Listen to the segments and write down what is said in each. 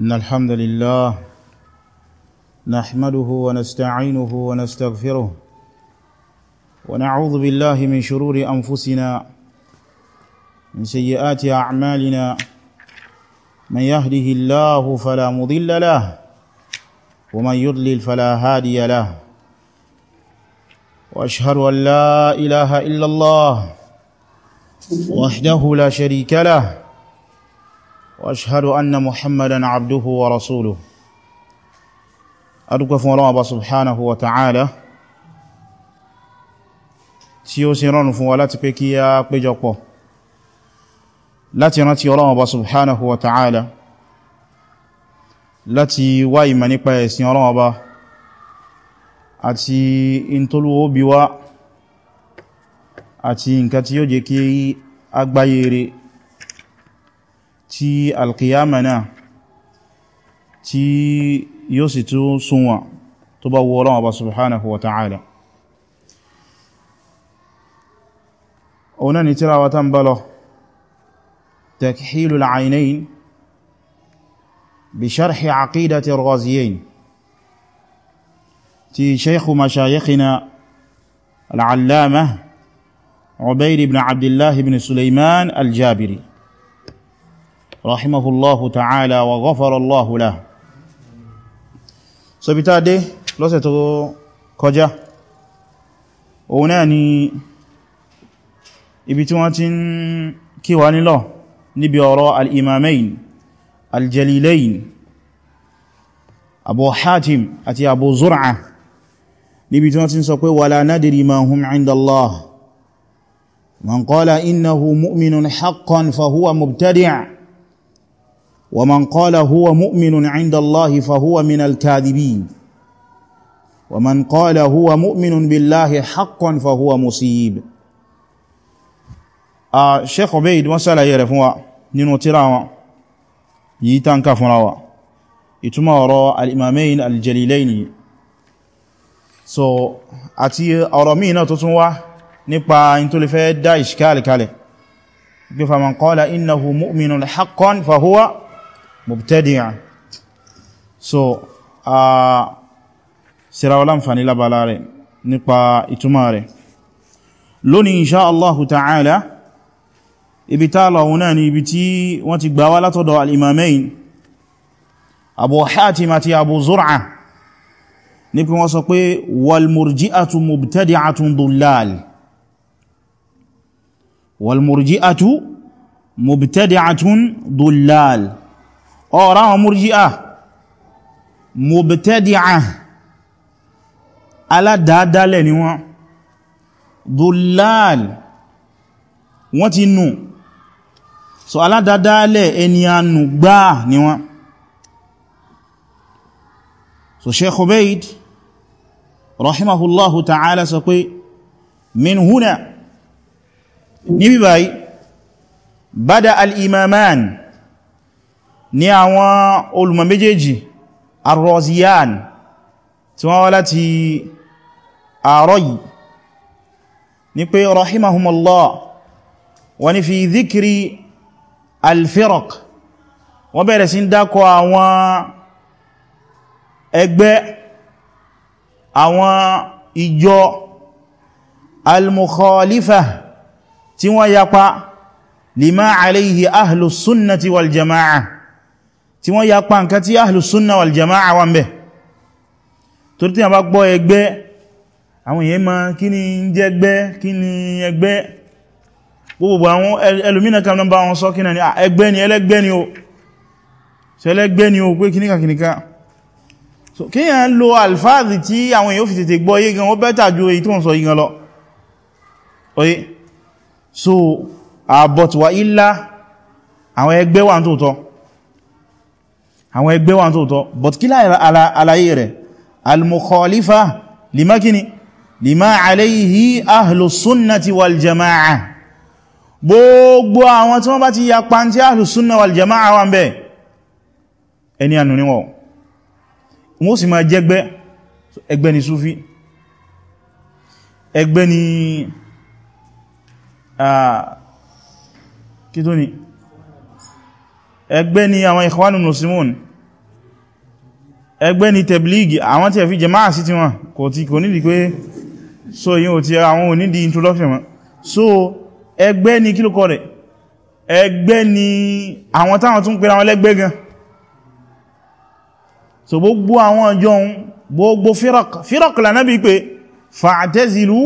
إن الحمد لله نحمده ونستعينه ونستغفره ونعوذ بالله من شرور أنفسنا من سيئات أعمالنا من يهده الله فلا مضل له ومن يضلل فلا هادي له واشهد ان لا اله الا الله وحده لا شريك له واشهد ان محمدا عبده ورسوله adúgbẹ́ fún ọlọ́wọ́ bá subhanahu wa ta'ala tí ó sì rọrùn fún wa láti pé kí a péjọpọ̀ láti rántí ọlọ́wọ́ bá subhanahu wa ta'ala láti wá ìmọ̀ nípa ẹ̀sìn ọlọ́wọ́ bá àti intolúwó bí wá àti nǹkan tí yóò jẹ́ kí agbáyé rẹ̀ tí alkiyama na tí yóò sì tún súnwà tó bá wọ́n Ọlọ́run bá subhanahu wa ta'ala ọ̀nà ni tíra wa tán bálọ̀ takhilul aynayn bi sharhi aqidati al ti shaykhu mashayikhina al-allama Ubayr ibn Abdullah ibn Sulaiman al-Jabiri al jabiri رحمه الله تعالى وغفر الله له so bita de lọ́sẹ̀ tó kọjá òun náà ni ibi tí wọ́n ti ń kíwa nílọ níbi ọ̀rọ̀ al'imamain aljalilain abu hatim àti abu zur'a níbi tí wọ́n ti ń sọ pé wala nadiri ma hum inda Allah man qala innahu mu'minun haqqan fa huwa mubtadi' ومن قال هو مؤمن عند الله فهو من الكاذبين ومن قال هو مؤمن بالله حقا فهو مصيب الشيخ آه، عبيد وسأل يرفوا نينو تراوا يتان كفروا يتما وراء الإمامين الجليلين so àti ọ̀rọ̀ míì náà tó tún wá nípa in tó lè fẹ́ dá ìṣkálẹ̀ kalẹ̀ gbífàmà qala innahu mu'minun haqqan fa huwa mubtadi'a so a sira wala nfani labala rẹ̀ nípa ìtumọ̀ rẹ̀ lónìí insha Allahu ta'ala ibi tá lọ wọn náà ni ibi tí wọ́n ti gbáwá látọ̀dọ̀ al-imamain abu hatim àti abu zur'a ní pé wọ́n sọ pé walmurji'atu mubtadi'atun dullal walmurji'atu mubtadi'atun dullal ọ̀rọ̀ àwọn múrjíà mubtadi'ah aládádálẹ̀ ni wọ́n dullal wọ́n ti nù so aládádálẹ̀ ẹni anù gbáà ni wọ́n so Sheikh Ubaid rahimahullahu ta'ala sọ pé min huna níbi báyìí bada al-imaman ní àwọn olùmọ̀ méjèèjì arroziyan tí wọ́n wá láti àárọ̀ yìí ní pé rahimahumallah wọ́n ni fi dhikri alfiraq wọ́n bẹ̀rẹ̀ sí dákọ àwọn ẹgbẹ́ àwọn ìjọ almukhalifa tí wọ́n yapa lima alayhi ahlus sunnati wal jama'a tí wọ́n ya pa nǹkan tí ahlus sunnah wal jama'a wà ń bẹ̀ torí tí a bá gbọ́ ẹgbẹ́ àwọn èèyàn ma kí ni ń jẹ́ ẹgbẹ́ kí ni ẹgbẹ́ gbogbo àwọn ẹlòmínà kan náà bá wọn sọ kínà ni ẹgbẹ́ ni ẹlẹ́gbẹ́ ni o ṣe ẹlẹ́gbẹ́ ni o pé kíníkà kíníkà so àwọn ẹgbẹ́ wà ń tòótọ́ àwọn ẹgbẹ́ wà tó tọ́ but kí láàláyé rẹ̀ al-mukhalifa lima kini lima alayhi ahlu sunnati wal jama'a gbogbo àwọn tí wọ́n bá ti ya pàntí ahlu sunna wal jama'a wà ń bẹ ẹni ànú níwọ̀ wọ́n sì máa jẹ́gbẹ́ ẹgbẹ́ ni súfí ẹgbẹ́ ni kí tó ni ẹgbẹ́ ni àwọn ikhwanul muslimun ẹgbẹ́ ni tẹ̀blígì àwọn tí ẹ̀ fi jẹ máa sí ti wọn kò tí kò nídi pé so yíò tí àwọn onídi introduction wọn so ẹgbẹ́ ni kílùkọ rẹ̀ ẹgbẹ́ ni àwọn táwọn tún pèrè àwọn lẹ́gbẹ́ gan so gbogbo àwọn ọjọ́ gbogbo firaq firaq lànà bí pé fa'tazilu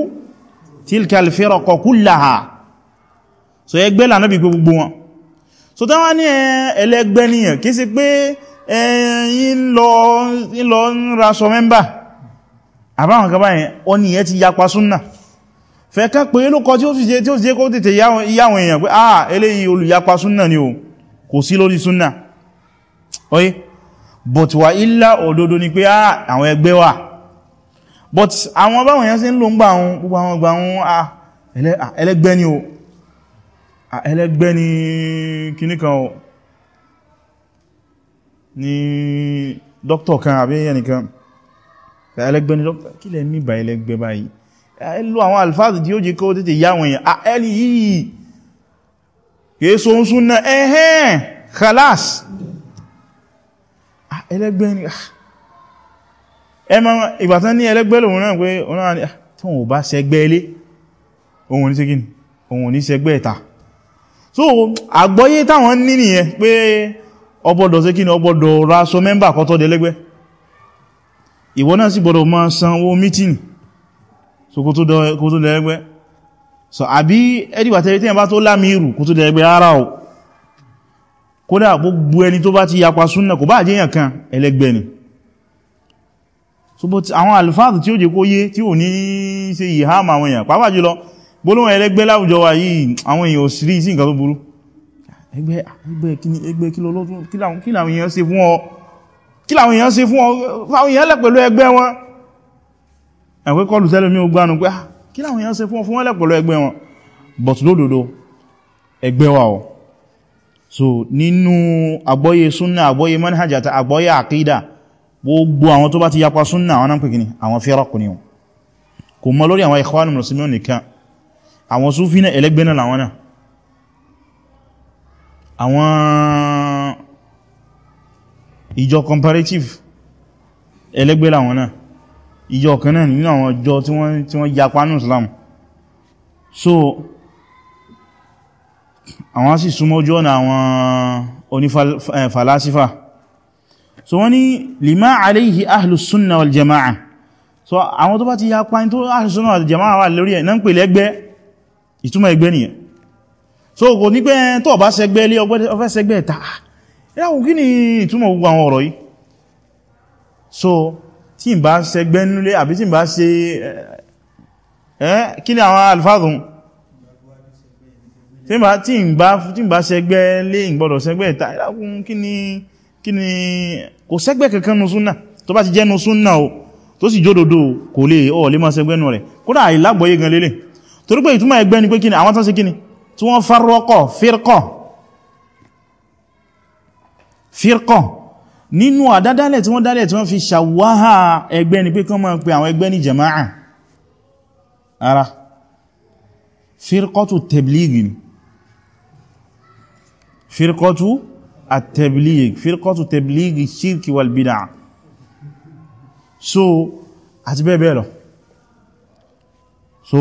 tilkal firaq kullaha so ẹgbẹ́ lànà bí pé gbogbo wọn so táwọn ní ẹlẹ́gbẹ́ nìyàn kìí ṣe pé ẹ̀yìn lọ ń ra sọ mẹ́mbà àbáwọn gaba yẹn ó ní ẹ ti yapa súnnà fẹ́ kán pé lókọ tí ó sì jẹ́ kó tètè yáwọn èèyàn pé ah eléyìí olùyapa súnnà ni o kò sí lórí súnnà oye but wa ilá òdodo ni pé ah àwọn ẹgbẹ́ wà but àwọn báwọn èèyàn sí ń lò ń gbà àwọn gbogbo àwọn gbà àwọn ah, ah ẹlẹ́gbẹ́ ni o ah, ẹlẹ́gbẹ́ ni kìnnìkan o ní dókítọ̀ kan àbí ẹnìkan ẹlẹ́gbẹ́ ní dókítọ̀ kí lẹ níbà ẹlẹ́gbẹ́ báyìí ẹlú àwọn alfáàdì tí ó jẹ́ kó tètè yáwọn èèyàn ẹlì yìí kìí so ń súnná ẹ̀hẹ́n khalas ẹlẹ́gbẹ́ ní ẹmọ ìbátan ní ẹlẹ́gbẹ́ lòun náà o ọ̀nà ni tí wọ́n bá sẹgbẹ́ ilé ohun ní síkín ohun ní sẹgbẹ́ ìta so àgbọ́yé táwọn ní nìyẹn pé ọgbọ́dọ̀ sí kí ni ọgbọ́dọ̀ ráṣọ mẹ́mbà kọ́tọ́ dẹ̀lẹ́gbẹ́ ìwọ náà sì gbọ́dọ̀ máa sanwó mítìnì so kó tó dẹ̀lẹ́gbẹ́ so àbí ẹdìwàtẹ́rí tẹ́yìn bá tó lámìírù kó tó dẹ̀lẹ́gbẹ́ ara ọ̀ kódà gbogbo ẹni tó bá ti yapa súnnà kò bá àjẹ́yàn kan ẹlẹ́gbẹ́ ni so but àwọn alfáàdù tí ó jẹ́ kó yé tí ò ní ṣe ìhá àwọn èèyàn pàápàá jùlọ gbólóhùn ẹlẹ́gbẹ́ láwùjọ wa yìí àwọn èèyàn ò sí nǹkan tó burú ẹgbẹ́ ẹgbẹ́ kíní ẹgbẹ́ kí lọ́lọ́dún kí làwọn èèyàn ṣe fún ọ kí làwọn èèyàn ṣe fún ọ fáwọn èèyàn lẹ̀ pẹ̀lú ẹgbẹ́ wọn ẹ̀wẹ́ kọlù tẹ́lẹ̀ mi ò gbánu pé ah, kí làwọn èèyàn ṣe fún ọ fún wọn ẹgbẹ́ wọn but wa so nínú àgbọ́yé súnnà àgbọ́yé manhaj àti àgbọ́yé àkídà gbogbo àwọn tó bá ti yapa súnnà àwọn náà pèkìní àwọn fẹ́rọ̀kù ni wọn kò mọ lórí àwọn ikhwanul muslimin ẹlẹ́gbẹ́ náà làwọn náà àwọn ìjọ comparative ẹlẹ́gbẹ́ làwọn náà ìjọ kan náà nínú àwọn ìjọ tí wọ́n tí wọ́n yapa ní Islam so àwọn sì súnmọ́ ojú ọ̀nà àwọn onífàlásífà so wọ́n ní lima alayhi ahlus sunna so àwọn tó bá ti yapa ní tó ahlus sunna wà lórí ẹ̀ náà ń pè lẹ́gbẹ́ ìtumọ̀ ẹgbẹ́ nìyẹn so kò ní pé tó bá sẹgbẹ́ ilé ọfẹ́ sẹgbẹ́ ẹ̀ta ìráwò kí ni ìtumọ̀ gbogbo àwọn ọ̀rọ̀ yìí so tí n bá sẹgbẹ́ nílé àbí tí n bá ṣe ẹ́ kí ni àwọn alfáàdùn tí n bá sẹgbẹ́ ilé ìgbọ́dọ̀ sẹgbẹ́ ẹ̀ta ìráwò kí ni kí ni kò sẹgbẹ́ kankan nu súnà tó bá ti jẹ́ nu súnà o tó sì kò lè ọ̀ lè máa sẹgbẹ́ rẹ̀ kódà àìlágbọ́yé gan lélẹ̀ torí ìtumọ̀ ẹgbẹ́ ni pé kí ni àwọn tán sí kí tí wọ́n farọ́kọ̀ fírkọ̀ fírkọ̀ nínú àdádálẹ̀ tí wọ́n dálẹ̀ tí wọ́n fi ṣàwáhà ẹgbẹ́ ni pé kán máa pe àwọn ẹgbẹ́ ní jama'a ara fírkọ̀tù tẹ̀blígì ni fírkọ̀tù àtẹ̀blígì fírkọ̀tù tẹ̀blígì ṣírkì walbida so àti bẹ́ẹ̀ bẹ́ẹ̀ lọ so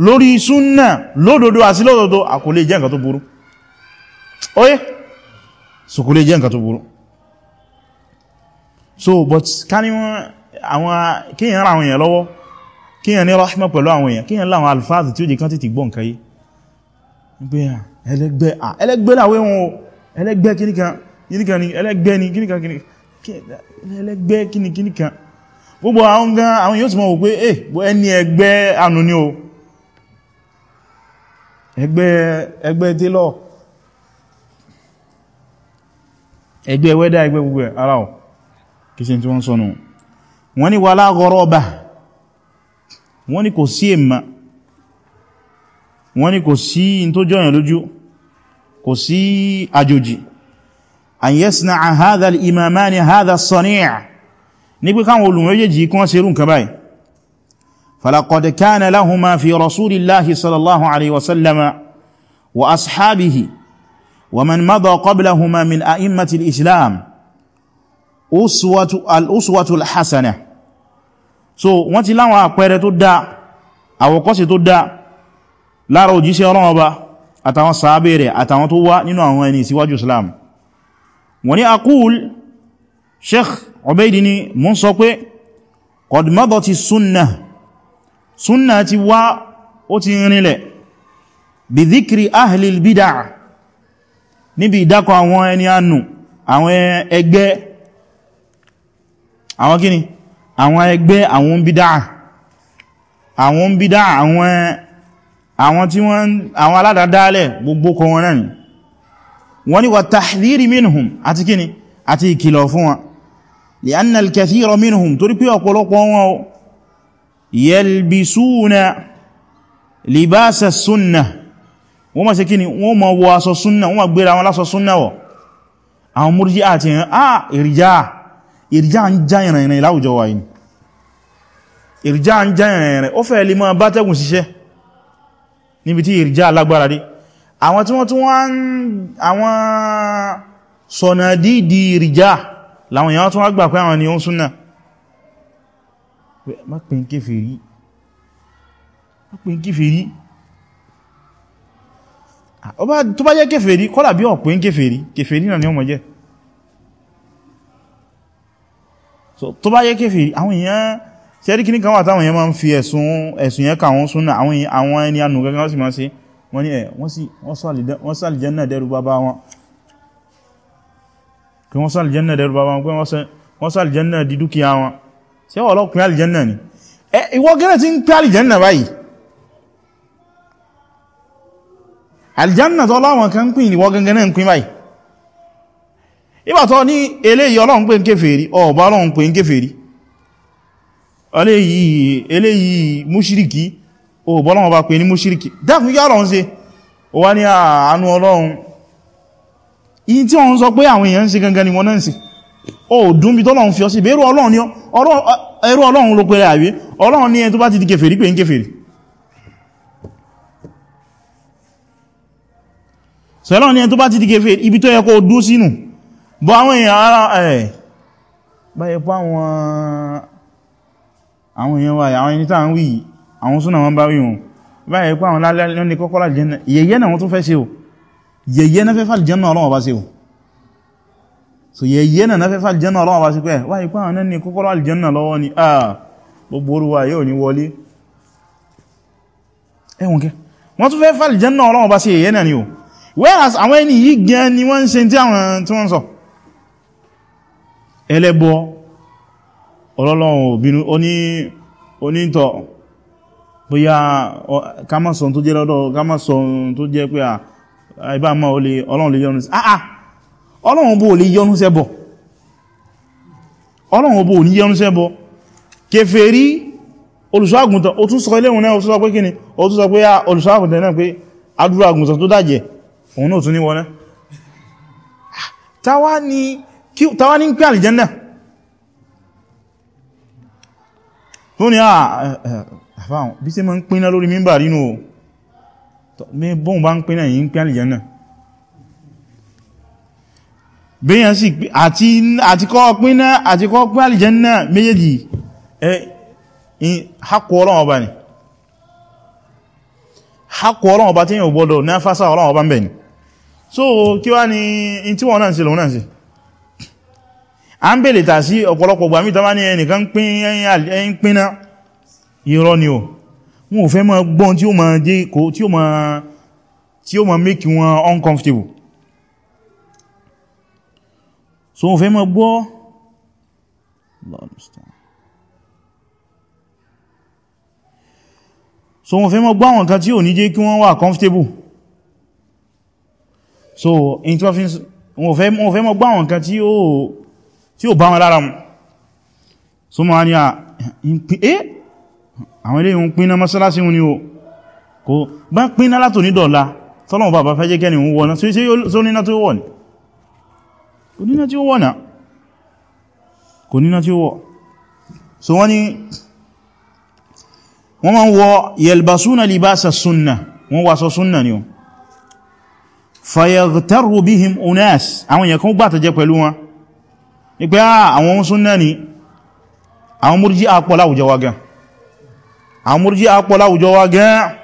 lórí súnnà lódodo àti lódodo a kò lè jẹ́ nǹkan tó burú oye so kò jẹ́ nǹkan tó burú so but ká ní wọ́n àwọn kíyàn ra àwọn èèyàn lọ́wọ́ kíyàn ní rahma pẹ̀lú àwọn èèyàn kíyàn láwọn alfáàzì tí ó jẹ́ kán títí gbọ́n kayé ẹlẹ́gbẹ́ ẹlẹ́gbẹ́ láwé wọn o ẹlẹ́gbẹ́ kíníkan ni ẹlẹ́gbẹ́ ni kíníkan kíníkan ẹlẹ́gbẹ́ kíníkan gbogbo àwọn gan àwọn yóò ti mọ̀ wò pé eh ẹni ẹgbẹ́ ànú ni o ẹgbẹ́ ẹgbẹ́ télọ̀ ẹgbẹ́ wẹ́dá ẹgbẹ́ gbogbo ara ọ̀ kìí tí wọ́n sọ́nà wọ́n wala ghoroba wọ́n ní kò sí èmà wọ́n ní kò sí in tó jọyàn lójú kò sí àjòjì an yasna'a hadha al-imamani hadha as-sani' ní pé kí wọ́n rú nǹkan فلقد كان لهما في رسول الله صلى الله عليه وسلم وأصحابه ومن مضى قبلهما من أئمة الإسلام أسوة الأسوة الحسنة so wọ́n ti láwọn àpẹẹrẹ tó dá àwọ̀kọ́sí tó dá lára òjíṣẹ́ Ọlọ́run Ọba àtàwọn sàábẹ̀ rẹ̀ àtàwọn tó wá nínú àwọn ẹni síwájú Islam wọ́n ni akúl Sheikh Ubaydi ni mú sọ pé qad madat sunnah súnnà ti wá ó ti rinlẹ̀ bí zikri ahlil bid'ah níbi ìdákọ̀ àwọn ẹni ànù àwọn ẹgbẹ́ àwọn kíni àwọn ẹgbẹ́ àwọn bid'ah àwọn bid'ah àwọn àwọn tí wọ́n àwọn aládàdálẹ̀ gbogbo kọ wọn náà ni wọ́n ni wà tahdhiri minhum àti kíni àti ìkìlọ̀ fún wọn li'anna al-kathira minhum torí pé ọ̀pọ̀lọpọ̀ wọn o yẹlbisúna libasa súnna wọ́n ma ṣe kí ni wọ́n ma wọ aṣọ súnna wọ́n ma gbéra wọn lásọ súnna wọ àwọn múrjí àti ẹ̀yàn ah ìrìjá ìrìjá ń já ìrìnrìn láwùjọ wa yìí ìrìjá ń já ìrìnrìn ó fẹ́ lè máa bá tẹ́gùn ṣiṣẹ́ níbi tí ìrìjá alágbára dé àwọn tí wọ́n tún wá àwọn sọ̀nà dídì ìrìjá làwọn èèyàn tún wá gbà pé àwọn ni ó ń súnna má pè ń kéfèrí má pè ń kéfèrí tó bá jẹ́ kéfèrí kọ́lá bí wọ́n pè ń kéfèrí kéfèrí náà ni ọmọ jẹ́ tó bá jẹ́ kéfèrí àwọn èèyàn sẹ́rí kí ní kan wà táwọn èèyàn máa ń fi ẹ̀sùn yẹn kàwọn súnà àwọn ẹni anù gẹ́gẹ́ wọ́n sì máa ṣe wọ́n ní ẹ̀ wọ́n sàlìjẹ́ náà dẹ́rù bàbá wọn pé wọ́n sàlìjẹ́ náà dẹ́rù bàbá wọn pé wọ́n sàlìjẹ́ náà di dúkìá wọn tí wọ́n lọ pín alìjẹ́nà ni ìwọ gẹ́rẹ́ tí ń pín alìjẹ́nà báyìí alìjẹ́nà tó láwọn kan pín ìwọ gẹ́gẹ́ náà pín báyìí ìbàtọ́ ní eléyìí ọlọ́run pè ń kéfèrí ọ̀bá ọlọ́run pè ń kéfèrí eléyìí múṣíríkì ọ̀bá ọlọ́run bá pè ní múṣíríkì dákùn yá ọlọ́run ṣe ó wá ní àánú ọlọ́run yìí tí wọ́n pé ń ṣe ó dùn bí tọ́lọ́run fi ọ sí ẹrú ọlọ́run ló pẹ̀rẹ̀ àwí ọlọ́run ní ẹni tó bá ti di kèfèrí pé ń kèfèrí sọ́lọ́run ní ẹni tó bá ti di kèfèrí ibi tó yẹ kó dùn sínú bọ́ àwọn èèyàn ara ẹ̀ báyẹ̀ pọ́ àwọn èèyàn wà àwọn ẹni tàà ń wí àwọn súnà wọn bá wí wọn báyẹ̀ pọ́ àwọn lálẹ́ ní kọ́kọ́lá jẹ́nà yẹ̀yẹ́ náà wọ́n tún fẹ́ ṣe o yẹ̀yẹ́ náà fẹ́ fàlì jẹ́nà ọlọ́wọ́ bá ṣe o so yẹ̀yẹ́ náà fẹ́ fà jẹ́nà ọlọ́wọ́ bá sí pé wá ipá àwọn ní kọ́kọ́rọ́ àlìjẹ́nà lọ́wọ́ ni a ah, gbogbo orúwà yóò ní wọlé ẹwùn kẹ́ wọ́n tún fẹ́ fà ọlọ́wọ́ bá sí yẹ̀yẹ́ náà ni o whereas àwọn ẹni yìí gan ni wọ́n ń ṣe tí àwọn tí wọ́n sọ ẹlẹ́bọ ọlọ́lọ́wọ́ obìnú onítọ̀ bóyá ká má sọ tó jẹ́ lọ́dọ̀ ká má ọlọ́run bó lè yọ́nú sẹ́bọ̀ ọlọ́run bó ní yọ́nú sẹ́bọ̀ kèfèrí olùṣọ́àgùntàn ó tún sọ iléhun náà ó tún sọ pé kí ni ó tún sọ pé ah, olùṣọ́àgùntàn náà pé adúrà àgùntàn tó dájẹ̀ òun náà tún ní wọná ah, táwa ní ah, eh, eh, ń pẹ́ àlìjẹ́ndà tó ní àfáhùn bí sí ma ń pínná lórí mímbà rínú bóhùn bá bẹ́yàn sí àti kọ́ pín náà àti kọ́ pín àlìjánnà méjèèjì hakọ̀ ọlọ́wọ́ bá ní hakọ̀ ọlọ́wọ́ bá tí yíò gbọ́dọ̀ ní afásá ọlọ́wọ́ bá ń bẹ̀ ní so kí wá ní in tí wọ́n náà sí lòun náà sí a ń bèèrè tà sí ọ̀pọ̀lọpọ̀ o wọn ò fẹ́ máa gbọ́n tí ó máa dé kó tí ó máa make wọn uncomfortable so wọ́n fẹ́ mọ́ gbọ́ so wọ́n fẹ́ mọ́ gbọ́ àwọn kan tí ò ní jẹ́ kí wọ́n wà comfortable so in tí wọ́n fẹ́ mọ́ gbọ́ àwọn kan tí ò bá wọn lára mu so ma ní à ẹ́ eh, àwọn ilé ìhun pínná mọ́sálásí wọn ni o kò bá pínná látò ní dọ̀la tọ́lọ̀wọ̀n bàbá fẹ́ jẹ́ kẹ́ni wọn wọ́n náà tí ó ní náà tó wọ́n ni kò níná tí ó wọ̀ náà kò níná tí ó wọ̀ so wọ́n ni wọ́n ma ń wọ yalbasuna libasa sunna wọ́n wàsọ sunna ni o fayaghtaru bihim unas àwọn èèyàn kan gbàtà jẹ pẹ̀lú wọn ní pé ah, àwọn ohun sunna ni àwọn múrjí àpọ̀ láwùjọ wa gan àwọn múrjí àpọ̀ láwùjọ wa gan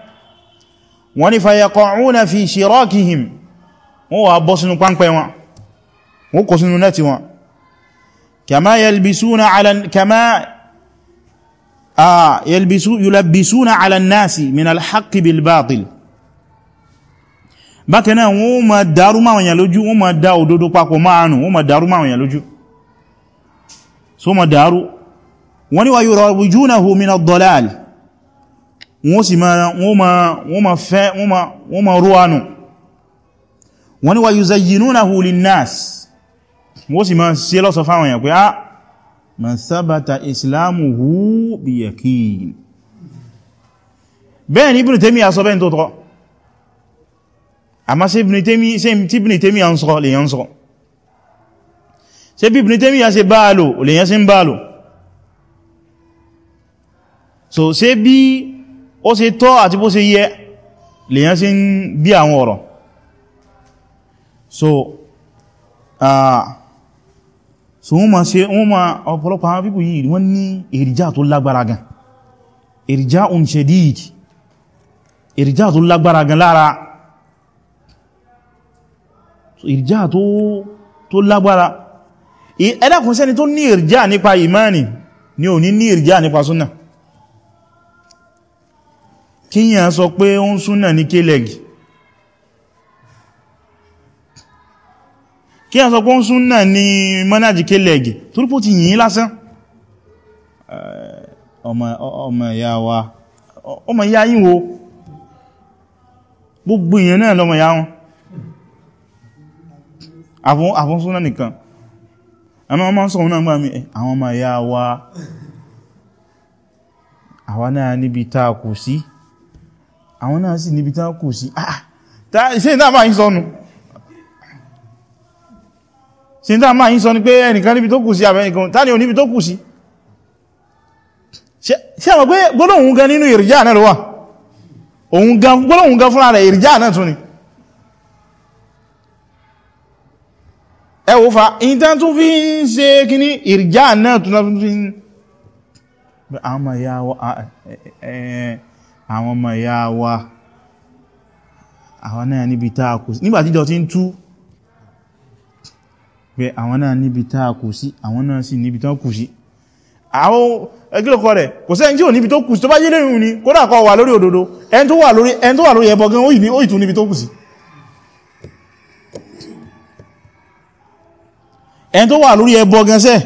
wọ́n ni fayaqa'una wọ́n kò sínú nẹ́tì wọn kama yalbisuna ala kama a yalbisu yulabisuna ala nasi min alhaqqi bil batil bákan náà wọ́n ma dàrú ma wọ̀nyàn lójú wọ́n ma dá òdodo papọ̀ ma anu wọ́n ma dàrú ma wọ̀nyàn lójú so ma dàrú wọ́n ní wa yurawijunahu min ad wọ́n sì ma wọ́n ma fẹ́ wọ́n ma wọ́n wọ́n sì máa ṣe lọ́sọ fáwọn èèyàn pé á ah, man sabata islamuhu bi yaqin bẹ́ẹ̀ ni Ibn Taymiyyah sọ bẹ́ẹ̀ tó tọ́ àmá sí Ibn Taymiyyah ń sọ lèyàn sọ ṣe bí Ibn Taymiyyah ṣe bá lò lèyàn sí ń bá so ṣe bí ó ṣe tọ́ àti bó ṣe yẹ lèyàn sí bí àwọn ọ̀rọ̀ so ah uh, so wọ́n ma ṣe wọ́n ma ọ̀pọ̀lọpọ̀ àwọn pípò yìí wọ́n ní èrìjá tó lágbára gan èrìjá un shadid èrìjá tó lágbára gan lára èrìjá tó lágbára ẹ̀dàkùn sẹ́ni tó ní èrìjá nípa ìmáni ni ò ní ní èrìjá nípa súnnà kíyàn sọ pé ó ń súnnà ní kélẹ̀gì kí a sọ pé súnnà ní mọ́nájì kélẹ̀gì torípò ti yìí lásán ọmọ ìyá wa ọmọ ìyá yìí wo gbogbo èèyàn náà lọmọ ìyá wọn àfún súnnà nìkan àmọ́ ọmọ sọ̀rọ̀ náà gbà mí àwọn ọmọ ìyá wa àwọn náà níbi tá kù sí àwọn náà sì níbi tá kù sí ah, ah ṣe ìdáàbà yìí sọnù sí ní tàbí yí sọ ní pé ẹnìkan níbi tó kù sí àbẹ́nìkan tàbí oníbi tó kù sí ṣe àwọn pé gbólóhùn gan nínú ìrìjá náà ló wà gbólóhùn gan fúnra rẹ̀ ìrìjá náà tún ni ẹ wò fa ìtàn tún fi ń ṣe kíní ìrìjá náà tún fi ń àwọn ọmọ ìyá wa àwọn náà níbi tààkù pé àwọn náà níbi tá a kù sí àwọn náà sì níbi tán kù sí àwọn ẹgbẹ́lọ́kọ́ rẹ̀ kò sẹ́yìn tí ò níbi tó kù sí tó bá jẹ́ lẹ́rìn ní kódà kò wà lórí òdodo ẹn tó wà lórí ẹn tó wà lórí ẹbọ gan ó ìtún níbi tó kù sí ẹn tó wà lórí ẹbọ gan sẹ́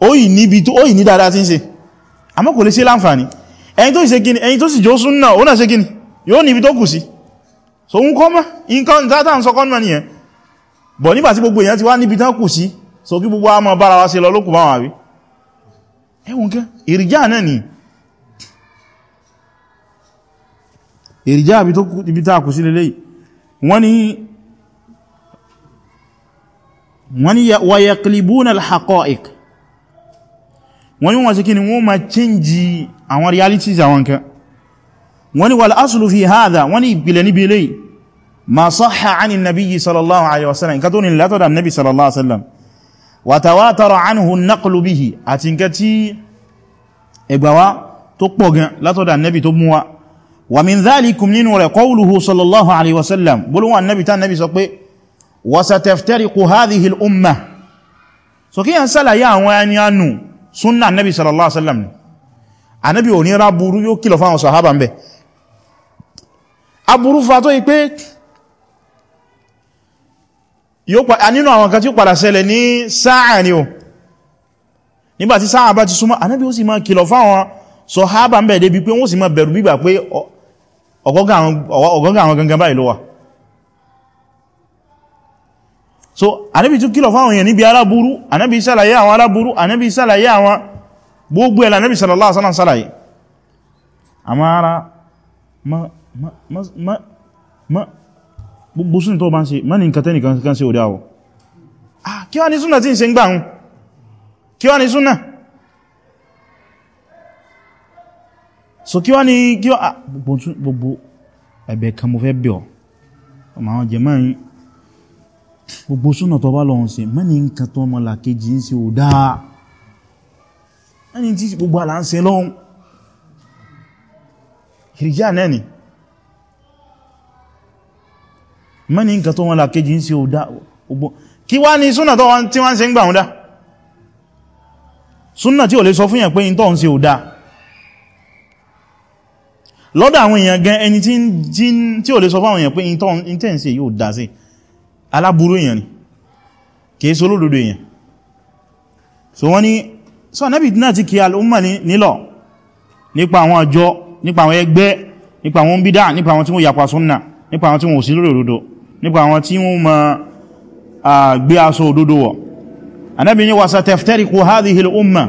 ó ì ní dáadáa tí ń ṣe àmọ́ kò lè ṣe láǹfààní ẹni tó sì jó súnnà bọ̀ nígbàtí gbogbo èèyàn ti wá níbi tán kù sí so kí gbogbo a máa bára wá sí lọ lókù báwọn àrí ẹwùn kẹ́ ìrìjá náà ni ìrìjá ibi tá kù sí lélẹ́ wọ́n ni wọ́n ni wa yaqlibuna al-haqa'iq wọ́n ni wọ́n sí kí ni wọ́n ma change àwọn realities àwọn kẹ́ wọ́n ni wal aslu fi hadha wọ́n ni ìpìlẹ̀ níbi eléyìí ma sahha 'ani an-nabiy sallallahu alayhi wa sallam nǹkan tó ní láti ọ̀dọ̀ an-nabi sallallahu alayhi wa sallam wa tawatara 'anhu an-naqlu bihi àti nǹkan tí ẹgbàwá tó pọ̀ gan láti ọ̀dọ̀ an-nabi tó mú wa wa min dhalikum nínú rẹ̀ qawluhu sallallahu alayhi wa sallam bólúwà annabi tá annabi sọ pé wa sataftariqu hadhihi al-ummah so kí yàn sálàyé fa tó yí pé nínú àwọn kan tí ó padà ṣẹlẹ̀ ní sáà ni o nígbàtí sáà bá ti súnmọ́ anábí ó sì máa kìlọ̀ fáwọn sàhábà ń bẹ̀ débi pé wọ́n sì máa bẹ̀rù bígbà pé ọgọ́gọ́ àwọn gangan báyìí ló wà so anábí tún kìlọ̀ fáwọn èèyàn níbi aláburú anábí sàlàyé àwọn aláburú anábí sàlàyé àwọn gbogbo ẹ̀lá anábí sallallahu alaihi ma ma ma ma gbogbo súnà tó bá ń ṣe mẹ́ni nǹkan tẹ́nì kan ṣe òdá ọ̀ ah, kí wá ní súnà tí ń ṣe ń gbà ń kí wá ní súnà so kí wá ní kí wá ah, gbogbo ẹ̀bẹ̀ kan mo fẹ́ bẹ̀ ọ́ ọmọ àwọn jẹ mẹ́rin gbogbo súnà tó bá lọ ń ṣe mẹ́ni nǹkan tó mọ́ làkejì ń ṣe òdá ẹni tí gbogbo àlà ń ṣe lọ́hun mẹ́ni nǹkan tó wọ́n làkejì ń ṣe òdá ogbó kí wá ní súnà tó wọ́n tí wọ́n ṣe ń gbà wọ́n dá súnà tí ò lè sọ fún yàn pé in tó ń ṣe òdá lọ́dọ̀ àwọn èèyàn gan ẹni tí ò lè sọ fáwọn èèyàn pé in tó ń ṣe yóò dá sí aláburú èèyàn ni kìí so lódodo èèyàn ni sọ anábì náà nípa àwọn ẹgbẹ́ nípa àwọn bídá nípa àwọn tí wọ́n yapa súnà nípa àwọn tí wọ́n ò sí lórí òdodo nípa àwọn tí wọ́n ma gbé aṣọ òdodo wọ̀ anábi ni wasa teftariku hadhihi al'umma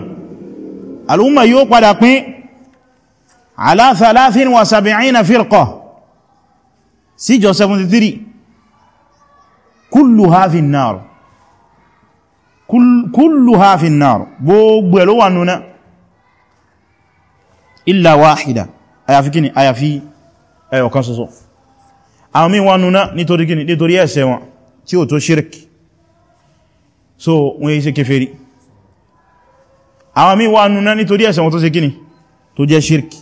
al'umma yóò padà pín ala 73 firqa síjọ 73 kulluha fin nar kulluha fin nar gbogbo ẹ̀lú wà nuna illa wahida àyàfi kíni àyàfi ẹyọ̀kan ṣoṣo àwọn mí wọn núná nítorí kíni nítorí ẹ̀ṣẹ̀ wọn tí ó tó ṣírkì so wọ́n yí ṣe kèfèrí àwọn mí wọn núná nítorí ẹ̀ṣẹ̀ wọn tó ṣe kíni tó jẹ́ ṣírkì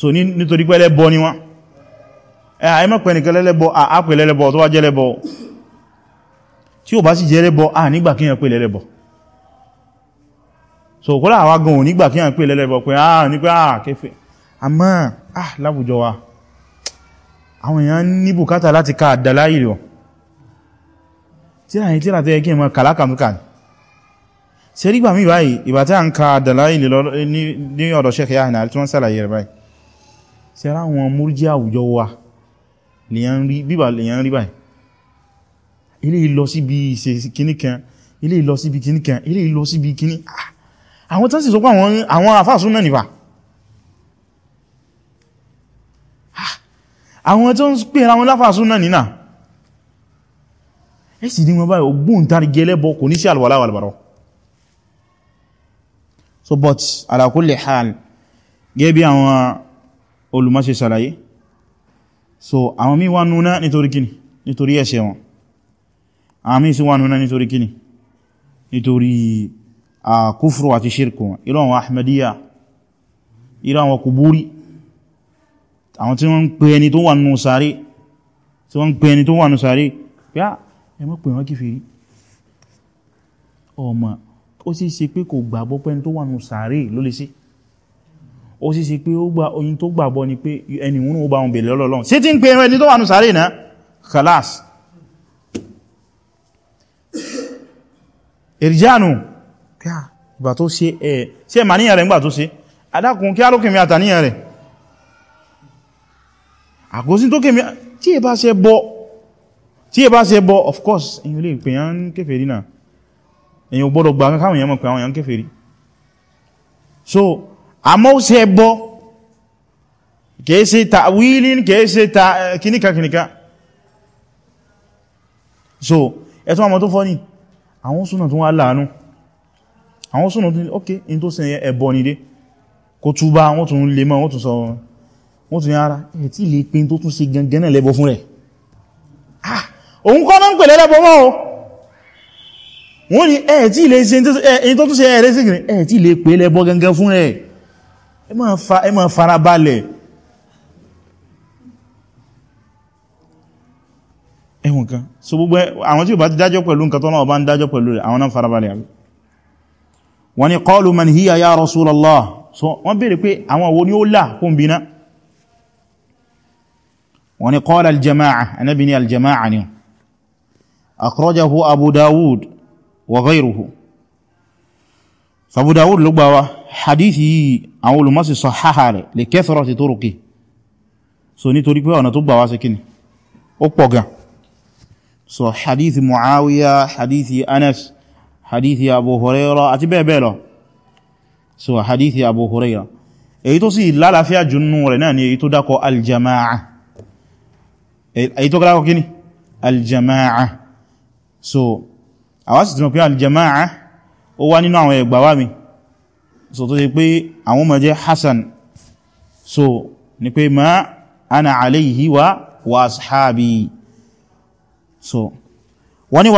so nítorí pẹ́lẹ́ bọ ni wọ́n ẹ̀ àìmọ́ pẹ̀nìkan lẹ́lẹ́bọ àápẹ̀ lẹ́lẹ́bọ tó wá jẹ́ lẹ́bọ tí ó bá sì jẹ́ lẹ́bọ à nígbà so kọ́lá àwágan ò nígbà kíyàn pè lẹ́lẹ́bọ pé à ní pé à kẹfẹ́ àmọ́ à wa àwọn èèyàn ní bùkátà láti ká àdàlá ìlò tíra yìí tíra tó yẹ kí ẹmọ kàlákàmùkà ṣe rí gbàmí báyìí ìbá tí a ń ká àdàlá ìlò ní ọ̀dọ̀ Sheikh Yahya tí wọ́n sàlàyé rẹ̀ báyìí ṣe rá wọn múrjí àwùjọ wa bíbà lèyàn rí báyìí ilé ìlọ àwọn tó ń pè ra wọn láfàásún náà nínà ẹ̀sì ní wọn báyìí ògbóǹtarìgì ẹlẹ́bọ kò ní sí àlùwàlá so but ala kulli hal gẹ́gẹ́ bí àwọn olùmọ́ṣe ṣàlàyé so àwọn míì wà núná nítorí kíni nítorí ẹ̀ṣẹ̀ wọn àwọn míì sí wà núná nítorí kíni nítorí àkúfùrù àti ṣírkù wọn ìlú àwọn ahmadiyya ìlú àwọn kùbúrí àwọn tí wọ́n ń pè ẹni tó wà nù sáré tí wọ́n ń pè ẹni tó wà nù sáré pé á ẹmọ́ pè wọ́n kèfèrí ọmọ ó sì ṣe pé kò gbàgbọ́ pé ẹni tó wà nù sáré ló lè sí ó sì ṣe pé ó gba oyin tó gbàgbọ́ ni pé ẹni wọn ó bá wọn bèèrè lọ́lọ́lọ́ sí ti ń pè ẹni tó wà nù sáré náà khalas ìrìjánu ìgbà tó ṣe ẹ̀ adákùn kí á lókè mi àtàníyàn rẹ̀ àkósí tó kèmí tí è bá ṣe bọ́ tí è bá ṣe bọ́ of course èyàn lè pè yán kèfèrí náà èyàn gbọ́dọ̀ gbà káwọn èyàn mọ̀ pé àwọn èyàn kèfèrí so àmọ́ ó ṣe bọ́ kìí ṣe ta'wilin kìí ṣe ta kìníkà kìníkà so ẹ̀tọ́ àmọ́ tó fọ́ ní àwọn súnà tó wá láàánú àwọn súnà tó ní ok in tó ṣe ẹbọ nílé kò túbá wọ́n tún lè mọ́ wọ́n tún sọ wọ́n tún yára ẹ̀ tí lè pín tó tún ṣe gangan náà lẹ́bọ fún rẹ̀ ah, òun kọ́ náà ń pèlẹ̀ lẹ́bọ mọ́ wọ́n ni ẹ̀ tí lè ṣe ẹni tó tún ṣe ẹ̀rẹ́ sí gìrì ẹ̀ tí lè pè lẹ́bọ gangan fún rẹ̀ ẹ máa farabalẹ̀ ẹ̀wọ̀n kan so gbogbo àwọn tí ó bá ti dájọ́ pẹ̀lú wọ́n ni qala aljama'a anábi ni aljama'a ni akhrajahu abu dawud wa ghayruhu sabu dawud ló gbáwa hadithi yìí àwọn olùmọ́sí sahaha rẹ̀ li kathrati turuqi so nítorí pé ọ̀nà tó gbáwa sí kíni ó pọ̀ gan so hadithi muawiya hadithi anas hadithi abu huraira àti bẹ́ẹ̀ bẹ́ẹ̀ lọ so hadithi abu huraira èyí tó sì lálàáfíà jùnnú rẹ̀ náà ni èyí tó dákọ̀ aljama'a èyí tó kọ́lákọ̀ kíní aljama'a so àwọn sì ti mọ̀ pé aljama'a ó wá nínú àwọn ẹgbà wá mi so tó ṣe pé àwọn ọmọ jẹ́ hassan so ni pé ma ana alayhi wa wa ashabi so wọ́n ni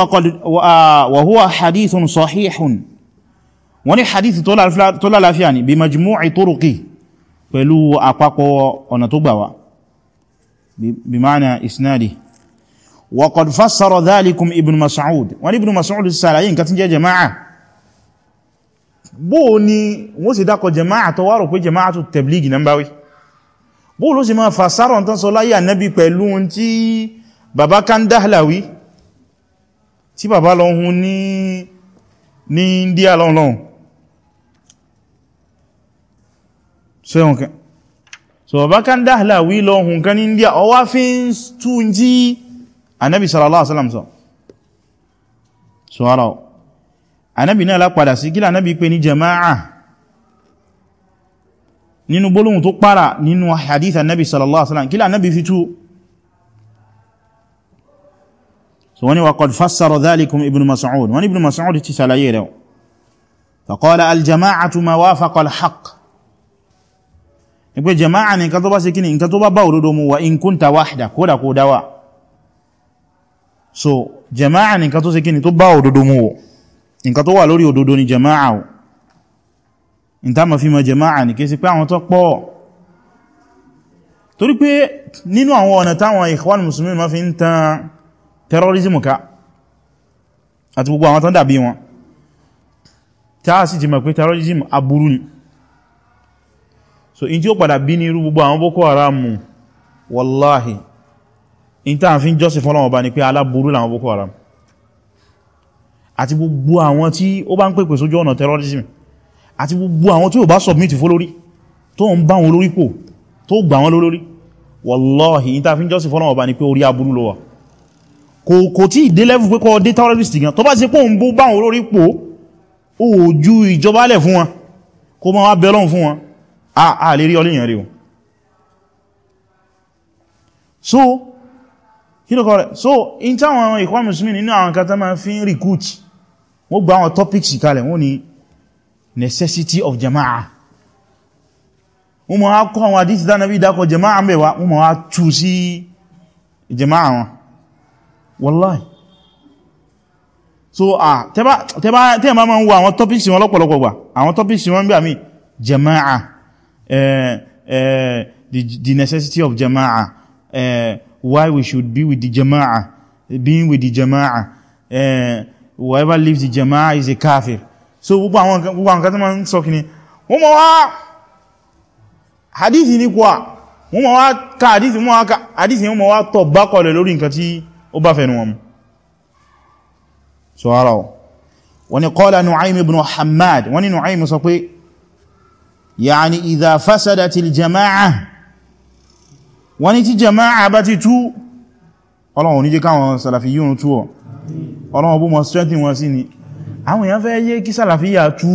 wa huwa hadithun sahihun wọ́n ni hadithi tó lálàáfíà ni bí majmu'i turuqi pẹ̀lú àpapọ̀ ọ̀nà tó gbà wá بمعنى إسناده وقد فسر ذلكم ابن مسعود وان ابن مسعود السلايين كان جاء جماعة bó ní wọ́n sì dákọ̀ jẹmáà tó wárò pé jẹmáà tó tẹ̀blígì náà báwí bó ló sì máa fàsárọ̀ tán sọ láyé ànábí pẹ̀lú tí bàbá Kandahalawi tí bàbá lọ hun ní ní India lọ́nlọ́n ṣe wọn kẹ́ so bàbá kan dáhìlá wí lọ hùn kan ní india ọwá fi ń tún jí anábi sallallahu alaihi wasallam sọ so ara ọ anábi náà lápadà sí gílá anábi pé ní jama'a nínú gbólóhùn tó para nínú hadith anábi sallallahu alaihi wasallam gílá anábi fi tú so wani wa qad fassara dhalikum ibn mas'ud wani ìpé jama'a ní nǹkan tó bá ṣe kíni nǹkan tó bá bá òdodo mu wa in kunta wahda kódà kó dáwà so jama'a ní nǹkan tó ṣe kíni tó bá òdodo mu wo nǹkan tó wà lórí òdodo ni jama'a o in ta ma fi ma jama'a ní kí sí pé àwọn tó pọ̀ torí pé nínú àwọn so in tí ó padà bí ní irú gbogbo àwọn boko haram wallahi in tí a fi ń jọ́sìn fún ọlọ́wọ́ bá ní pé aláburú làwọn boko haram àti gbogbo àwọn tí ó bá ń pèpè sójú ọ̀nà terrorism àti gbogbo àwọn tí ó bá submit fún lórí tó ń bá wọn lórí pò tó gbà wọn lórí wallahi in tí fi ń jọ́sìn fún ọlọ́wọ́ pé orí aburú ló wà kò kò tí ìdé level pé kọ́ dé terrorist gan tó bá ṣe pé òun bó bá wọn lórí pò ó ju ìjọba lẹ̀ fún wọn kó máa wá bẹ́lọ́n fún wọn a ah, ah, lè rí ọlẹ́yìn rí o so kílùkọ́ rẹ̀ so in táwọn àwọn ìkwá musulmi nínú àwọn kata ma fi ń recruit wọ́n gba àwọn topics kalẹ̀ wọ́n ni necessity of jama'a wọ́n ma wá kọ́ àwọn àdísì dánàbí dákọ̀ jama'a mẹ́wa wọ́n ma wá tú sí jama'a wọn wallahi so ah tẹ́bá tẹ́bá tẹ́bá ma ń wo àwọn topics wọn lọ́pọ̀lọpọ̀ gbà àwọn topics wọn bí àmì jama'a Eh, eh, the, the necessity of jama'ah, eh, uh, why we should be with the jama'ah, being with the jama'ah, uh, whoever leaves the jama'ah is a kafir. So gbogbo àwọn nǹkan tó máa ń sọ kí ni, wọ́n mọ̀ wá hadithi ní kwa, wọ́n mọ̀ wá ká hadithi mọ́ wá ká hadithi wọ́n mọ̀ wá tọ̀ bá kọlẹ̀ lórí nǹkan tí ó bá fẹ́nu wọn mú. So ara wọ́n ni qala Nu'aym ibn Hammad, wọ́n ni Nu'aym sọ pé, yàní ìdá fásádà ti jama'a wọ́n ni tí jama'a bá ti tú ọlọ́run ní jẹ́ káwọn sàlàfíyún tú ọ ọlọ́run bú mọ̀ strengthen wọn sí ni àwọn èèyàn fẹ́ jẹ́ kí sàlàfíyà tú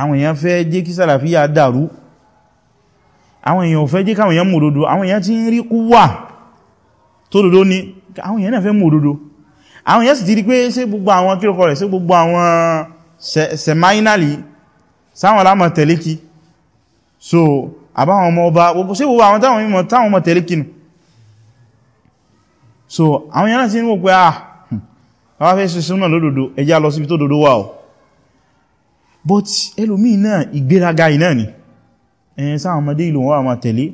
àwọn èèyàn fẹ́ jẹ́ kí sàlàfíyà dàrú àwọn èèyàn fẹ́ jẹ́ káwọn èèyàn mọ̀ òdodo àwọn èèyàn ti ń rí kúwà tó dodo ni àwọn èèyàn fẹ́ mọ̀ àwọn èèyàn sì ti rí pé ṣé gbogbo àwọn kírókọ rẹ̀ ṣé gbogbo àwọn sẹ̀máínàlì se, sáwọn lámọ̀ tẹ̀lé kí so àbáwọn ọmọ ọba gbogbo sí gbogbo àwọn táwọn mímọ̀ táwọn ọmọ tẹ̀lé kí nù so àwọn yẹn náà sí níwò pé à ah, wá hmm, fẹ́ sí súnà lódòdó ẹjá lọ síbi tó dòdó wà ọ̀ but ẹlòmíì náà ìgbéraga yìí náà ni ẹ̀yẹn sáwọn ọmọdé ìlú wọn àmà tẹ̀lé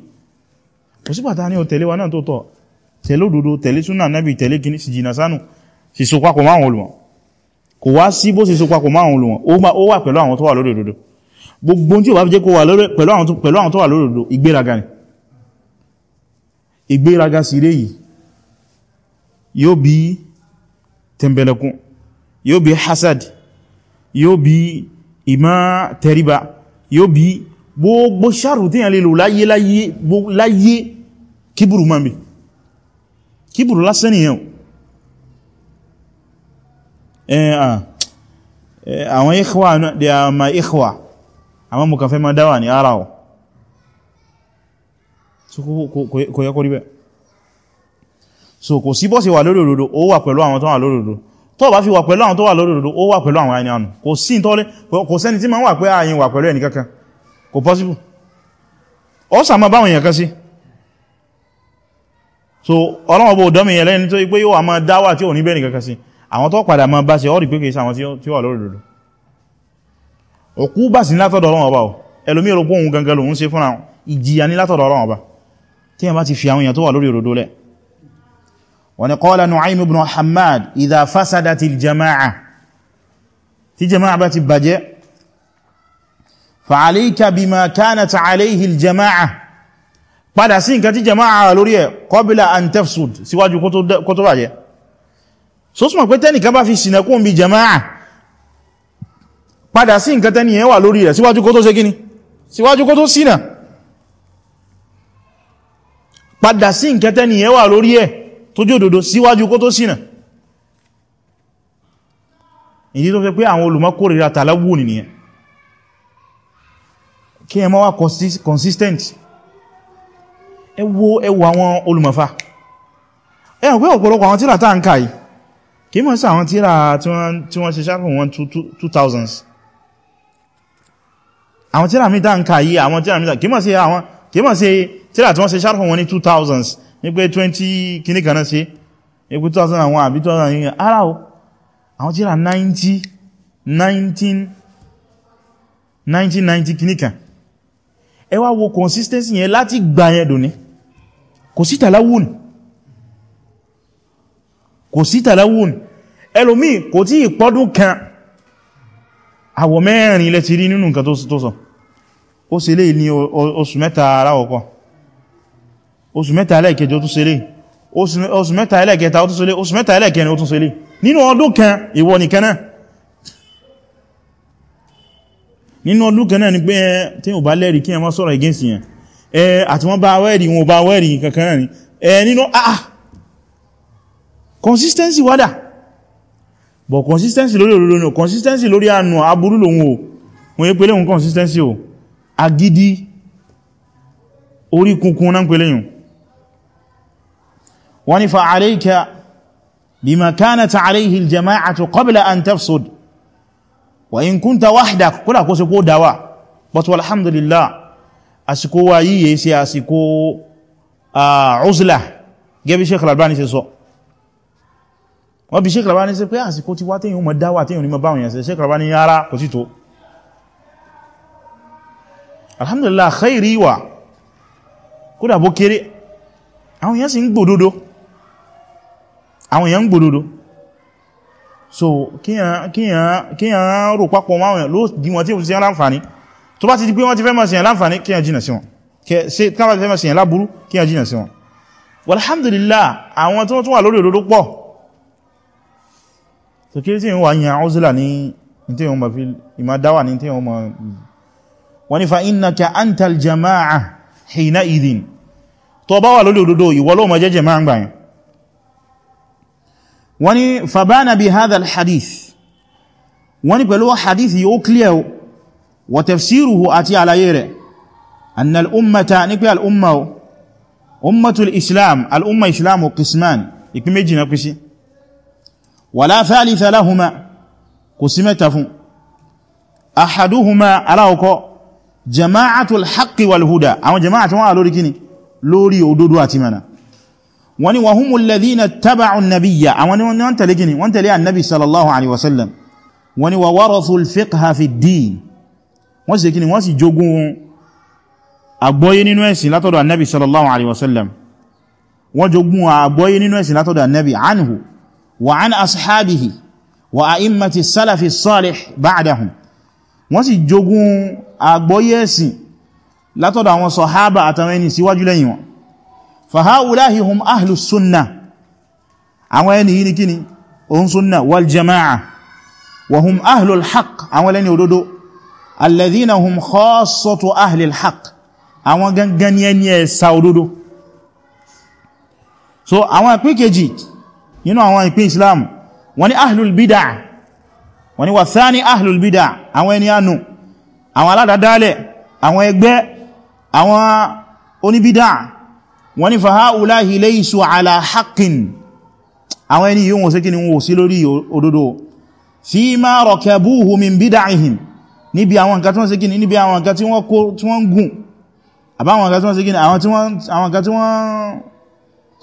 kò sí pàtàkì ò tẹ̀lé wa náà tó tọ̀ tẹ̀lé òdòdó tẹ̀lé súnà nábì tẹ̀lé kìíní sì jìnà sánù sì so papọ̀ máwọn olùwọ̀n kò wá sí bó sì so papọ̀ máwọn olùwọ̀n ó wà pẹ̀lú àwọn tó wà lórí òdòdó gbogbo tí ó bá fi jẹ́ kó wà lórí pẹ̀lú àwọn tó wà lórí òdò ìgbéraga ni ìgbéraga sí ilé yìí yóò bí tẹ̀mbẹ̀lẹ̀kún yóò bí hasad yóò bí ìmá tẹríba yóò bí gbogbo sáàrù tí yàn lè lò láyé láyé kíbùrù máa mi kíbùrù lásán nìyàn eh, ah, eh, àwọn ikhwa they are my ikhwa àmọ́ mo kàn fẹ́ máa dáwà ní ara ọ̀ kò yẹ kó rí bẹ́ẹ̀ so kò sí bọ́sí wà lórí òdodo ó wà pẹ̀lú àwọn tó wà lórí òdodo tó bá fi wà pẹ̀lú àwọn tó wà lórí òdodo ó wà pẹ̀lú àwọn ẹni ànù kò sí ìtọ́lé kò sẹ́ni tí ma wà pé ààyìn wà pẹ̀lú ẹni kò possible so ọlọ́wọ́ bó dọ́mì yẹn lẹ́ni tó pé yóò wà máa dáwà tí ò ní bẹ́ẹ̀ nìkankan sí àwọn tó padà máa bá òkú bà sí látọ̀dọ̀ Ọlọ́run Ọba o ẹlòmí ìrọ̀pọ̀ ohun gangan lòun ṣe fúnra ìjìyà ní látọ̀dọ̀ Ọlọ́run Ọba tí a bá ti fi àwọn èèyàn tó wà lórí òdodo lẹ̀ wọ́n ni qala Nu'aym ibn Hammad idha fasadati al-jama'a tí jama'a bá ti bàjẹ́ fa'alayka bima kanat alayhi al-jama'a padà sí nǹkan tí jama'a lórí ẹ̀ qabla an tafsud síwájú kó tó bàjẹ́ so pé tẹ́nìkan bá fi sinẹ̀kún bí jama'a padà sí nǹkan tẹ́ni yẹn wà lórí rẹ̀ síwájú kó tó ṣe kíní síwájú kó tó ṣìnà padà sí nǹkan tẹ́ni yẹn wà lórí ẹ̀ tó jẹ́ òdodo síwájú kó tó ṣìnà ìdí tó fẹ́ pé àwọn olùmọ̀ kórìíra tàláwù kí ẹ máa wá consistent ẹ wo ẹ wo àwọn olùmọ̀fà ẹ wọ́n pé ọ̀pọ̀lọpọ̀ àwọn tíra tá ń kà yìí kí mọ̀ sí àwọn tíra tí wọ́n ṣe ṣákùn àwọn tíra mi dá ń ka yí àwọn tíra mi dá kìímọ̀ sí àwọn kìímọ̀ sí tíra tí wọ́n ṣe ṣárfún wọn ní 2000s ní pé 20 kìíní kanáà sí ikú 2001 àbí 2001 ara o àwọn tíra 90 19 1990 kìíní kan ẹ wá wo consistency yẹn láti gbà yẹn dòní kò sí tàláwùn kò sí tàláwùn ẹlòmíì kò tí ìpọ́dún kan àwọ̀ mẹ́rin ilẹ̀ ti rí nínú nǹkan tó sọ ó ṣe lè ní oṣù mẹ́ta aláwọ̀kọ́ oṣù mẹ́ta ẹlẹ́ẹ̀kẹjọ tó ṣe lè oṣù mẹ́ta ẹlẹ́ẹ̀kẹta ó tún ṣe lè oṣù mẹ́ta ẹlẹ́ẹ̀kẹrin ó tún ṣe lè nínú ọdún kan ìwọ nìkan náà nínú ọdún kan náà ni pé eh, tí ò bá lẹ́rìí kí ẹ má sọ̀rọ̀ against yẹn ẹ eh, àti wọ́n bá wẹ́rì wọn bá wẹ́rì kankan náà ni ẹ eh, ah, ah consistency wádà but consistency lórí òdodo consistency lórí àánú aburú lòun o wọ́n yé pẹ̀lẹ̀ òun consistency o agidi orí kunkun náà pẹ̀lẹ̀ yìí wọ́n ni fa alayka bima kanat alayhi al-jama'atu qabla an tafsud wa in kunta wahdak kúrà kó se kó dáwà but alhamdulillah àsìkò wa yíye sí àsìkò ah, uzla gẹ́bí Sheikh Al-Albani ṣe wọ́n bí Sheikh Albani sí pé àsìkò ti wá tí yíò mọ̀ dáwà tí yíò ní mọ̀ báwọn yẹn sí Sheikh Albani ara kò sí tó alhamdulillah khairi wa kódà bó kéré àwọn yẹn sì ń gbòdodo àwọn yẹn ń gbòdodo so kíyàn rò papọ̀ máwọn yẹn ló dí wọn tí ó ti yẹn láǹfàní tó bá ti di pé wọ́n ti fẹ́ mọ̀ sí yẹn láǹfàní kíyàn jìnà walhamdulillah àwọn tó tún lórí òdodo pọ̀ so kí sí wà yẹn ọ́sílà ní tí wọ́n ma fi ìmá dáwà ní tí wọ́n ma wọ́n ni fa innaka antal jama'a hina idhin tó bá wà lórí òdodo ìwọ ló ma jẹ́ jama'a ń gbáyìn wọ́n ni fa bana bi hadha al hadith wọ́n ni pẹ̀lú hadith yóò clear wa tafsiruhu àti àlàyé rẹ̀ anna ní pé al'umma islam al'umma islamu qisman ìpín méjì na kùsí wala thalitha lahuma kò sí mẹ́ta fún ahaduhuma aláwọ̀kọ́ jama'atul haqqi wal huda àwọn jama'a tí wọ́n wà lórí kíni lórí òdodo àti mana wani wa humu alladhina taba'u an-nabiyya àwọn ni wọ́n tẹ̀lé kíni wọ́n tẹ̀lé annabi sallallahu alaihi wasallam wani wa warathu al-fiqha fi ad-din wọ́n sì kíni wọ́n sì jogún àgbọ́yé nínú ẹ̀sìn látọ̀dọ̀ annabi sallallahu وعن أصحابه وأئمة السلف الصالح بعدهم wọ́n sì jogún àgbọ́yẹ̀sì látọ̀dọ̀ àwọn sọ̀hábà àtàwọn ẹni síwájú lẹ́yìn wọn فهؤلاء هم أهل السنة àwọn ẹni yìí ni kíni òun súnnà wal jama'a wa hum ahlu al-haq àwọn lẹ́ni òdodo alladhina hum so àwọn ìpín kejì nínú àwọn ìpín islam wọ́n ní ahlul bid'ah wọ́n ní wàtá ní ahlul bid'ah àwọn ẹni ànù àwọn aládádálẹ̀ àwọn ẹgbẹ́ àwọn oníbídà wọ́n ní faha'ulahi laysu ala haqqin àwọn ẹni yíò wọ́n sí kí ni wọ́n sí lórí òdodo fima rakabuhu min bid'ihim níbi àwọn nǹkan tí wọ́n sí kí níbi àwọn nǹkan tí wọ́n kó tí wọ́n gùn àbáwọn nǹkan tí wọ́n sí kí àwọn tí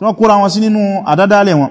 wọ́n kóra wọn sí nínú àdádálẹ̀ wọn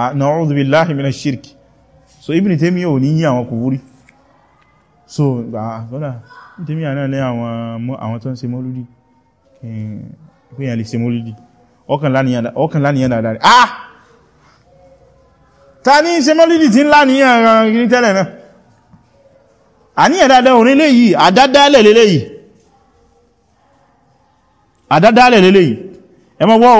Ah, na'udhu billahi minash shirk so Ibn Taymiyyah ò ní yí àwọn kùfúrí so àbọ́dà ah, Ibn Taymiyyah náà lẹ́ àwọn tó ń ṣe mọ́lúdí eh, pínyàn lè ṣe mọ́lúdí ọkàn láníyàn dáadáa rẹ̀ ah ta ní ṣe mọ́lúdí tí ń láníyàn gírí tẹ́lẹ̀ náà àníyàn dáadáa ò nílé yìí àdádálẹ̀ lélé yìí àdádálẹ̀ lélé yìí ẹ mọ́ wọ́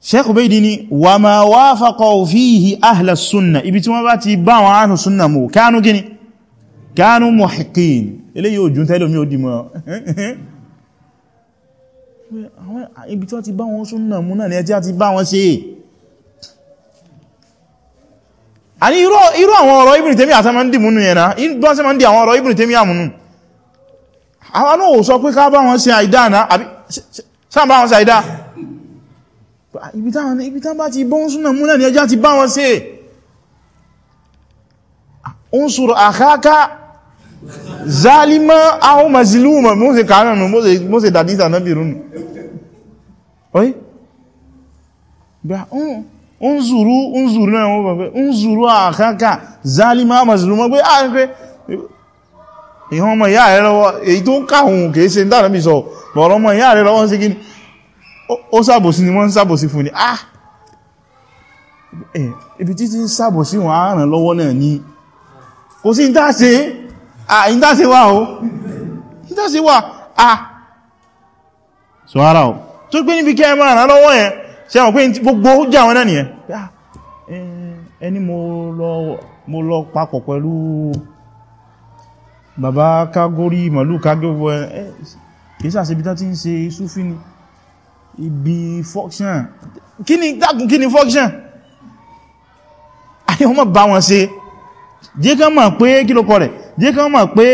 sheikh ubaydi ni wa ma wafaqa fihi ahla sunna ibi tí wọ́n bá ti bá wọn ahlu sunna mu kanu gini kanu muhiqqin ele yo jun telo mi o di mo ibi tí wọ́n ti bá wọn sunna mu náà ni e ti a ti bá wọn ṣe ani irú irú àwọn ọ̀rọ̀ ibn temi asa man di munu yẹn na in Ah, ibi tán bá ti bọ́n súnà múlẹ̀ ní ẹjá ti bá wọn ṣe ń sọ̀rọ̀ àkáká zálímọ́ àwọn mazilúmọ̀ mọ́ sí kàánà mọ́ sí dàdíta náà bí rúnù oí ń zùrú ń zùrú náà wọ́n bàbẹ́ ń zùrú àkáká zálímọ́ àwọn mazilúmọ̀ pé ààrẹ ah, ìhàn ọmọ ìyá rẹ̀ lọ́wọ́ èyí tó ń kèése ń dára sọ bọ̀rọ̀ ọmọ ìyá rẹ̀ lọ́wọ́ sí gíní ó sàbòsí ni wọ́n ń sàbòsí fún ni ah eh, ibi títí ń sàbòsí wọn á ràn lọ́wọ́ náà ní kò sí ìdáṣe ah ìdáṣe wà ó ìdáṣe wà ah so ara ọ̀ tó gbé níbi kí ẹ máa ràn lọ́wọ́ yẹn ṣe àwọn pé gbogbo ó jà wọn náà nìyẹn ah! eh, ẹni mo lọ papọ̀ pẹ̀lú bàbá kágórí màlúù kagori ẹ̀ eh, kìí sàṣebítà tí ń ṣe súfí ni ibi function kíni dákùn kíni function ayé wọ́n bá wọn ṣe jẹ́ kán mọ̀ pé kí ló kọ rẹ̀ jẹ́ kán mọ̀ pé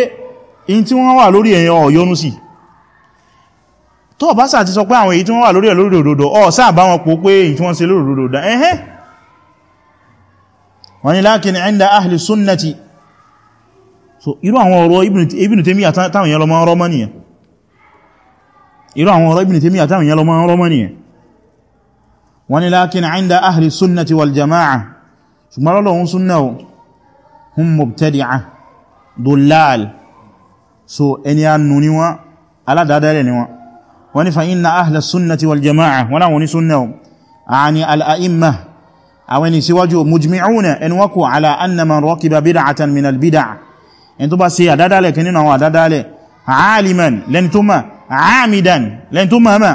in tí wọ́n wà lórí èyàn ọ̀yọ́nú sí tó bá sáà ti sọ pé àwọn èyí tí wọ́n wà lórí lórí òdòdó ọ̀ sáà bá wọn pò pé èyí tí wọ́n ṣe lórí òdòdó ẹ̀hẹ́ wọ́n ni lákin inda ahli sunnati so irú àwọn ọ̀rọ̀ Ibn Taymiyyah táwọn èèyàn lọ mọ́ nìyàn irú àwọn ọ̀rọ̀ Ibn Taymiyyah àtàwọn ìyẹn lọ máa ń rọ́mọ́ nìyẹn wọ́n ni lákín inda ahli sunnati wal jama'a ṣùgbọ́n lọ́lọ́run súnnà hum mubtadi'a dullal so ẹni annu ni wọ́n aládádẹ́rẹ̀ ni wọ́n wọ́n ni fa inna ahli sunnati wal jama'a wọ́n láwọn ní súnnà àni al'a'imma àwọn ni síwájú mujmi'una ẹni wọ́n kò ala anna man raqiba ẹni tó bá ṣe àdádálẹ̀ kan àwọn àdádálẹ̀ aliman lẹ́ni tó máa àmìdàn lẹ́ni tó mọ̀ọ́mà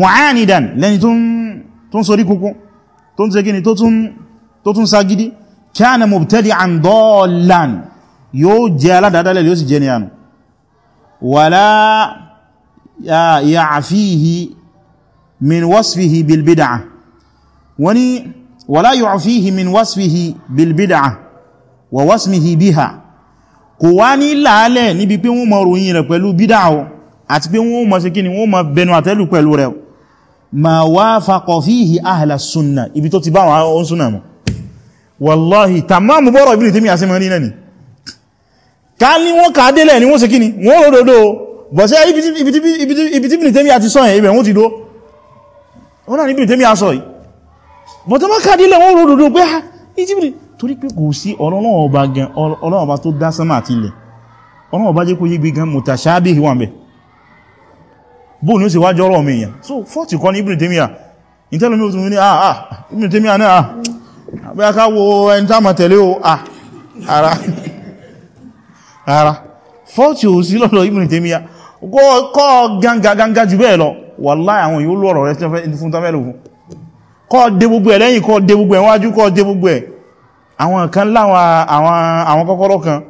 mọ̀ánìdàn lẹ́ni tó ń sorí kúkú tó ń segini tó tún sagidi kana mubtadi'an dallan yóò jẹ́ aládádálẹ̀ yóò sì jẹ́ ni ànù wàlá ya'fihi min wasfihi bilbid'a wani wàlá ya'fihi min wasfihi bilbid'a wa wasmihi biha kò wá ní láàálẹ̀ níbi pé wọ́n mọ̀ ròyìn rẹ̀ pẹ̀lú bídá àti pé wọ́n mọ̀ sí kí ni wọ́n mọ̀ bẹnu àtẹ́lù pẹ̀lú rẹ̀ ma wafaqa fihi ahla súnnà ibi tó ti bá wọn oún súnnà mọ̀ wallahi tamamu bọ́rọ̀ Ibn Taymiyyah àti mọ̀ nínà ni ká ní ni wọ́n sí kí ni wọ́n rò dòdó bọ̀sẹ́ ibi tí Ibn Taymiyyah àti sọ́yẹ̀ ibẹ̀ wọ́n ti dó wọ́n náà ní Ibn Taymiyyah sọ yìí bọ̀ tó má ká délẹ̀ wọ́n rò dòdó pé ha ah, ìjìbìrì torí pé kò sí Ọlọ́run ọba tó jẹ́ kó yí gbé gan mutashabih wà bóò ní ó sì wá jọ́rọ̀ mi èèyàn so fọ́tí kọ́ ní Ibn Taymiyyah ìtẹ́lómi ó tún ní àà ah, ah, Ibn Taymiyyah náà ah, bí a ká wo ẹni tá ma tẹ̀lé o ara ara fọ́tí ò sí lọ́dọ̀ Ibn Taymiyyah kọ́ ganga ganga jù bẹ́ẹ̀ lọ wallahi àwọn yóò lọ́rọ̀ rẹ̀ fún tafẹ́lò fún kọ́ dé gbogbo ẹ̀ lẹ́yìn kọ́ dé gbogbo ẹ̀ wájú kọ́ dé gbogbo ẹ̀ àwọn kan láwọn àwọn kọ́kọ́rọ́ kan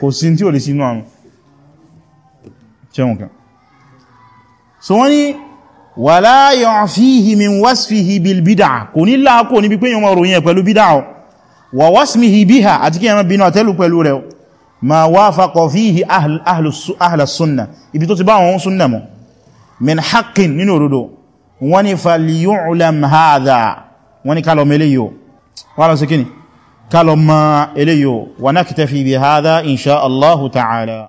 kò sí tí ò lè sínú àrùn ṣẹ́wọ̀n kan so wọ́n ni wala yu'fihi min wasfihi bil bid'a kò ní láàkó níbi pé yọmọ ròyìn ẹ̀ pẹ̀lú bídà ọ wa wasmihi biha àti kí ẹmọ bínú àtẹ́lù pẹ̀lú rẹ̀ ma wafaqa fihi ahla sunna ibi tó ti bá wọn sunna mọ́ min haqqin nínú òdodo wọ́n ni falyu'lam hadha